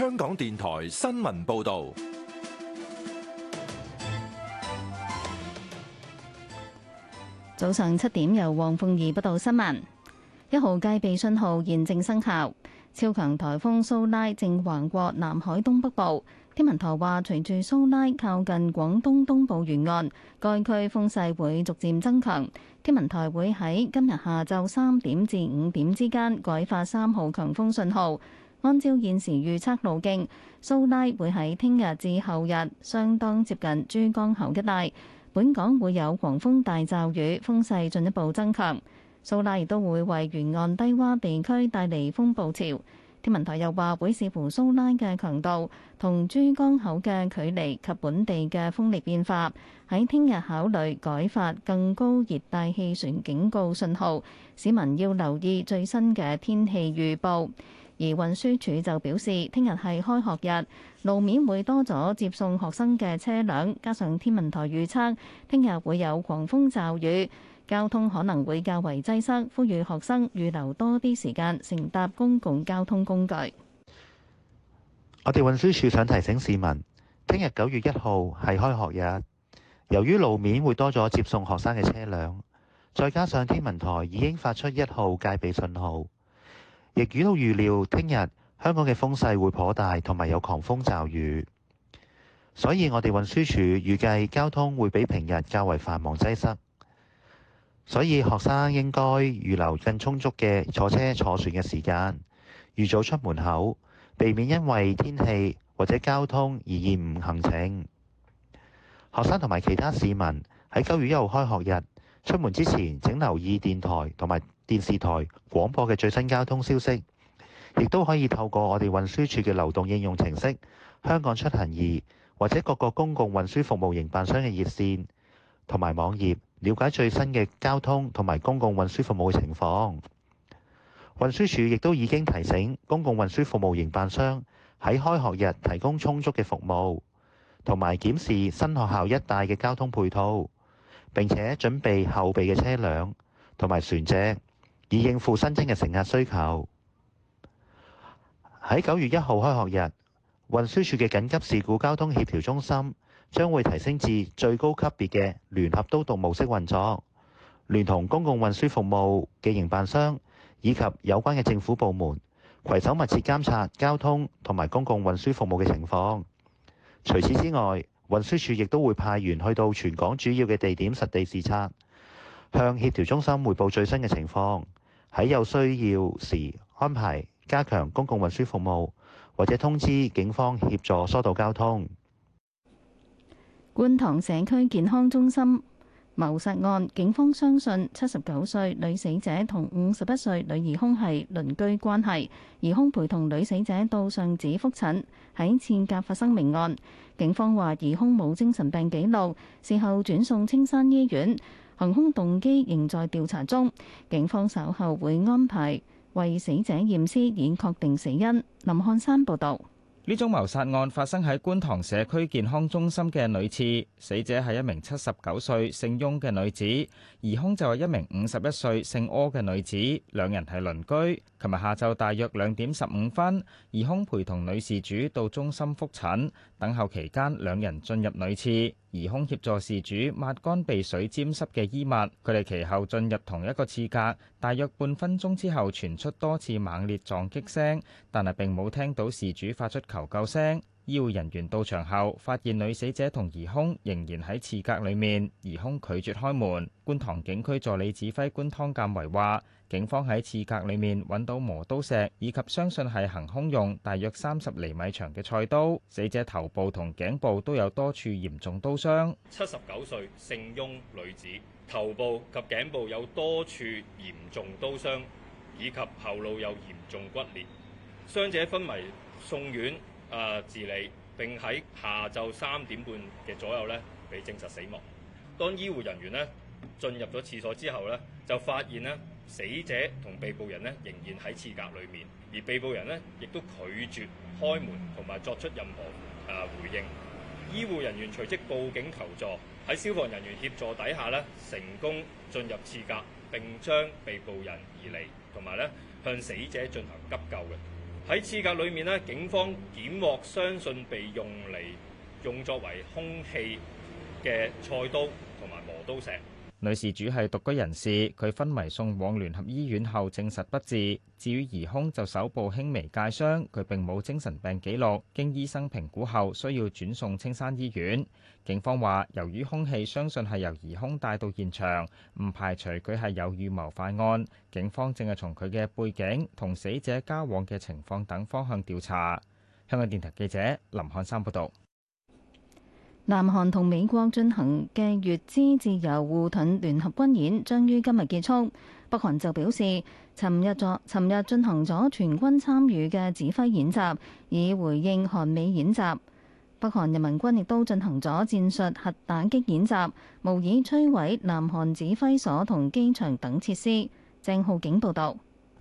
香港電台新聞報道，早上七點由黃鳳儀報道新聞。一號戒備信號現正生效，超強台風蘇拉正橫過南海東北部。天文台話，隨住蘇拉靠近廣東東部沿岸，該區風勢會逐漸增強。天文台會喺今日下晝三點至五點之間改發三號強風信號。按照現時預測路徑，蘇拉會喺聽日至後日相當接近珠江口一帶，本港會有狂風大驟雨，風勢進一步增強。蘇拉亦都會為沿岸低洼地區帶嚟風暴潮。天文台又話會視乎蘇拉嘅強度、同珠江口嘅距離及本地嘅風力變化，喺聽日考慮改發更高熱帶氣旋警告信號。市民要留意最新嘅天氣預報。而運輸署就表示，聽日係開學日，路面會多咗接送學生嘅車輛，加上天文台預測聽日會有狂風驟雨，交通可能會較為擠塞，呼籲學生預留多啲時間，乘搭公共交通工具。我哋運輸署想提醒市民，聽日九月一號係開學日，由於路面會多咗接送學生嘅車輛，再加上天文台已經發出一號戒備信號。亦都預料，聽日香港嘅風勢會頗大，同埋有狂風驟雨，所以我哋運輸署預計交通會比平日較為繁忙擠塞，所以學生應該預留更充足嘅坐車坐船嘅時間，預早出門口，避免因為天氣或者交通而延誤行程。學生同埋其他市民喺九月一號開學日出門之前，請留意電台同埋。電視台廣播嘅最新交通消息，亦都可以透過我哋運輸署嘅流動應用程式《香港出行易》，或者各個公共運輸服務營辦商嘅熱線同埋網頁，了解最新嘅交通同埋公共運輸服務嘅情況。運輸署亦都已經提醒公共運輸服務營辦商喺開學日提供充足嘅服務，同埋檢視新學校一帶嘅交通配套，並且準備後備嘅車輛同埋船隻。以應付新增嘅乘客需求。喺九月一號開學日，運輸署嘅緊急事故交通協調中心將會提升至最高級別嘅聯合都道模式運作，聯同公共運輸服務嘅營辦商以及有關嘅政府部門，攜手密切監察交通同埋公共運輸服務嘅情況。除此之外，運輸署亦都會派員去到全港主要嘅地點實地視察，向協調中心彙報最新嘅情況。喺有需要時安排加強公共運輸服務，或者通知警方協助疏導交通。觀塘社區健康中心謀殺案，警方相信七十九歲女死者同五十一歲女疑兇係鄰居關係，疑兇陪同女死者到上址覆診，喺廁格發生命案。警方話疑兇冇精神病記錄，事後轉送青山醫院。行兇動機仍在調查中，警方稍後會安排為死者驗屍，以確定死因。林漢山報導。呢宗謀殺案發生喺觀塘社區健康中心嘅女廁，死者係一名七十九歲姓翁嘅女子，疑兇就係一名五十一歲姓柯嘅女子，兩人係鄰居。琴日下晝大約兩點十五分，疑兇陪同女事主到中心覆診，等候期間兩人進入女廁，疑兇協助事主抹乾被水沾濕嘅衣物，佢哋其後進入同一個廁格。大約半分鐘之後，傳出多次猛烈撞擊聲，但係並冇聽到事主發出求救聲。醫護人員到場後，發現女死者同疑兇仍然喺廁格裏面，疑兇拒絕開門。觀塘警區助理指揮官湯鑑維話，警方喺廁格裏面揾到磨刀石，以及相信係行兇用，大約三十厘米長嘅菜刀。死者頭部同頸部都有多處嚴重刀傷。七十九歲姓翁女子。頭部及頸部有多處嚴重刀傷，以及後腦有嚴重骨裂。傷者昏迷送院啊呃、治理，並喺下晝三點半嘅左右咧，被證實死亡。當醫護人員咧進入咗廁所之後咧，就發現咧死者同被捕人咧仍然喺廁格裡面，而被捕人咧亦都拒絕開門同埋作出任何啊、呃、回應。醫護人員隨即報警求助，喺消防人員協助底下咧，成功進入廁格，並將被告人移離，同埋咧向死者進行急救嘅。喺廁格裡面咧，警方檢獲相信被用嚟用作為兇器嘅菜刀同埋磨刀石。女事主係獨居人士，佢昏迷送往聯合醫院後證實不治。至於疑兇就手部輕微介傷，佢並冇精神病記錄。經醫生評估後，需要轉送青山醫院。警方話，由於兇器相信係由疑兇帶到現場，唔排除佢係有預謀犯案。警方正係從佢嘅背景、同死者交往嘅情況等方向調查。香港電台記者林漢山報道。南韓同美國進行嘅乙支自由護盾聯合軍演將於今日結束。北韓就表示，尋日作尋日進行咗全軍參與嘅指揮演習，以回應韓美演習。北韓人民軍亦都進行咗戰術核打擊演習，模擬摧毀南韓指揮所同機場等設施。鄭浩景報道。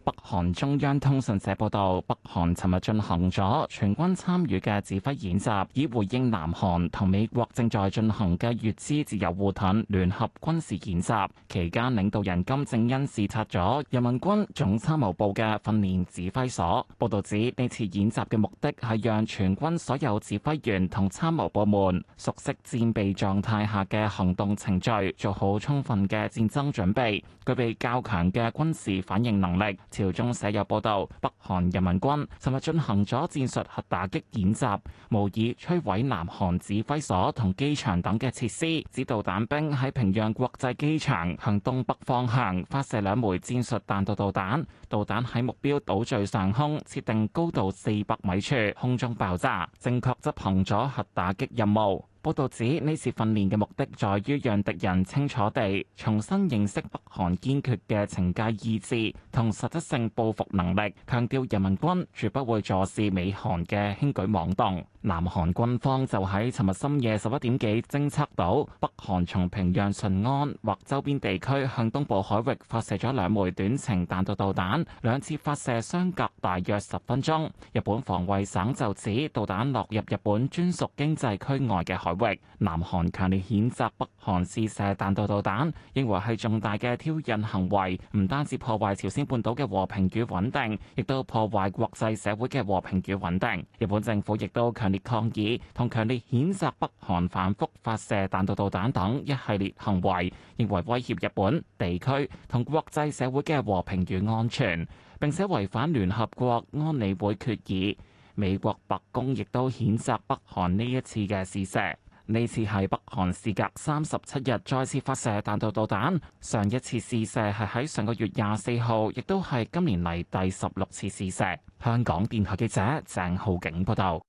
北韓中央通訊社報導，北韓尋日進行咗全軍參與嘅指揮演習，以回應南韓同美國正在進行嘅乙支自由護盾聯合軍事演習。期間，領導人金正恩視察咗人民軍總參謀部嘅訓練指揮所。報導指，呢次演習嘅目的係讓全軍所有指揮員同參謀部門熟悉戰備狀態下嘅行動程序，做好充分嘅戰爭準備，具備較強嘅軍事反應能力。朝中社有報道，北韓人民軍尋日進行咗戰術核打擊演習，模擬摧毀南韓指揮所同機場等嘅設施。指導彈兵喺平壤國際機場向東北方向發射兩枚戰術彈道導彈，導彈喺目標島嶼上空設定高度四百米處空中爆炸，正確執行咗核打擊任務。報道指呢次訓練嘅目的，在於讓敵人清楚地重新認識北韓堅決嘅懲戒意志同實質性報復能力，強調人民軍絕不會坐視美韓嘅輕舉妄動。南韓軍方就喺尋日深夜十一點幾偵測到北韓從平壤順安或周邊地區向東部海域發射咗兩枚短程彈道導彈，兩次發射相隔大約十分鐘。日本防衛省就指導彈落入日本專屬經濟區外嘅海域，南韓強烈譴責北韓試射彈道導彈，認為係重大嘅挑釁行為，唔單止破壞朝鮮半島嘅和平與穩定，亦都破壞國際社會嘅和平與穩定。日本政府亦都強烈抗議同強烈譴責北韓反覆發射彈道導彈等一系列行為，認為威脅日本地區同國際社會嘅和平與安全，並且違反聯合國安理會決議。美國白宮亦都譴責北韓呢一次嘅試射，呢次係北韓事隔三十七日再次發射彈道導彈，上一次試射係喺上個月廿四號，亦都係今年嚟第十六次試射。香港電台記者鄭浩景報道。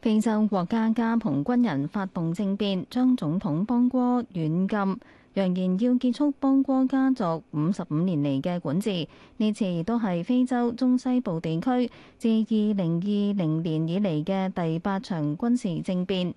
非洲國家加蓬軍人發動政變，將總統邦戈軟禁。揚言要結束邦戈家族五十五年嚟嘅管治，呢次亦都係非洲中西部地區自二零二零年以嚟嘅第八場軍事政變。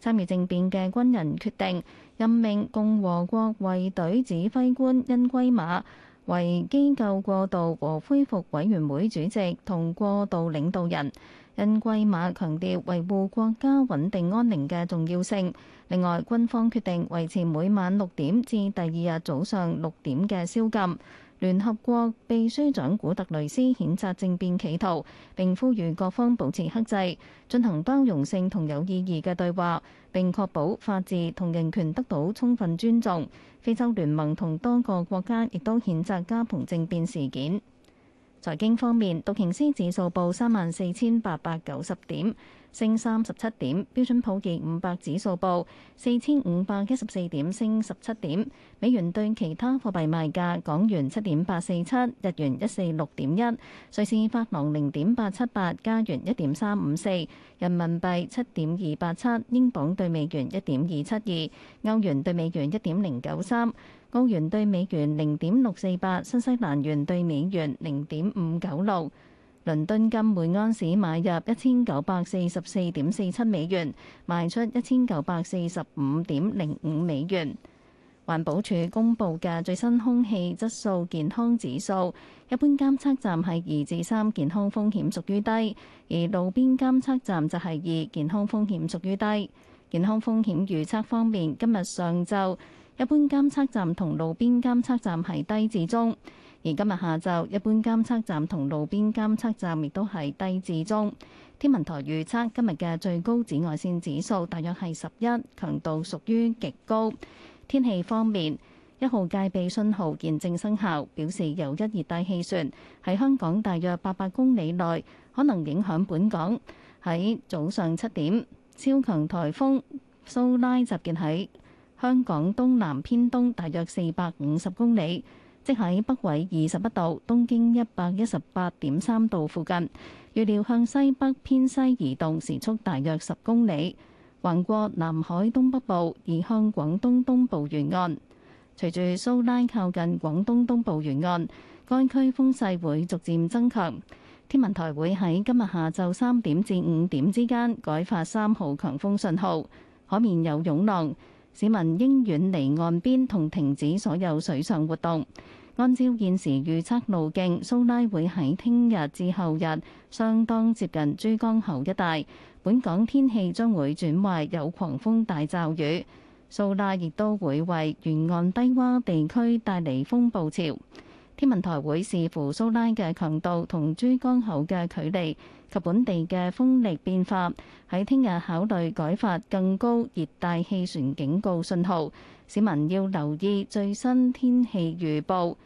參與政變嘅軍人決定任命共和國衛隊指揮官恩圭馬為機構過渡和恢復委員會主席同過渡領導人。恩貴馬強調維護國家穩定安寧嘅重要性。另外，軍方決定維持每晚六點至第二日早上六點嘅宵禁。聯合國秘書長古特雷斯譴責政變企圖，並呼籲各方保持克制，進行包容性同有意義嘅對話，並確保法治同人權得到充分尊重。非洲聯盟同多個國家亦都譴責加蓬政變事件。財經方面，道瓊斯指數報三萬四千八百九十點，升三十七點，標準普爾五百指數報四千五百一十四點，升十七點。美元對其他貨幣賣價，港元七點八四七，日元一四六點一，瑞士法郎零點八七八，加元一點三五四，人民幣七點二八七，英鎊對美元一點二七二，歐元對美元一點零九三，澳元對美元零點六四八，新西蘭元對美元零點五九六。倫敦金每盎司買入一千九百四十四點四七美元，賣出一千九百四十五點零五美元。環保署公布嘅最新空氣質素健康指數，一般監測站係二至三，健康風險屬於低；而路邊監測站就係二，健康風險屬於低。健康風險預測方面，今日上晝一般監測站同路邊監測站係低至中。而今日下晝一般監測站同路邊監測站亦都係低至中。天文台預測今日嘅最高紫外線指數大約係十一，強度屬於極高。天氣方面，一號戒備信號現正生效，表示有一熱帶氣旋喺香港大約八百公里內可能影響本港。喺早上七點，超強台風蘇拉集結喺香港東南偏東大約四百五十公里。即喺北緯二十一度、東經一百一十八點三度附近，預料向西北偏西移動，時速大約十公里，橫過南海東北部，移向廣東東部沿岸。隨住蘇拉靠近廣東東部沿岸，該區風勢會逐漸增強。天文台會喺今日下晝三點至五點之間改發三號強風信號，海面有湧浪。市民應遠離岸邊同停止所有水上活動。按照現時預測路徑，蘇拉會喺聽日至後日相當接近珠江口一帶。本港天氣將會轉壞，有狂風大驟雨，蘇拉亦都會為沿岸低窪地區帶嚟風暴潮。天文台會視乎蘇拉嘅強度同珠江口嘅距離。及本地嘅風力變化，喺聽日考慮改發更高熱帶氣旋警告信號。市民要留意最新天氣預報。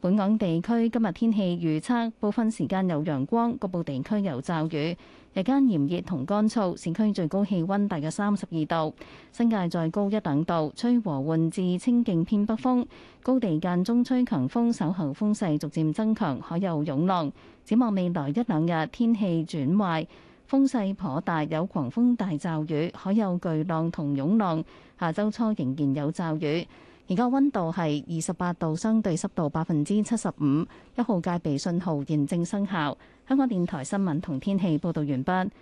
本港地區今日天氣預測，部分時間有陽光，局部地區有驟雨。日間炎熱同乾燥，市區最高氣温大約三十二度，新界再高一兩度，吹和緩至清勁偏北風，高地間中吹強風，稍後風勢逐漸增強，可有湧浪。展望未來一兩日天氣轉壞，風勢頗大，有狂風大驟雨，可有巨浪同湧浪。下周初仍然有驟雨。而家溫度係二十八度，相對濕度百分之七十五。一號戒備信號現正生效。香港電台新聞同天氣報道完畢。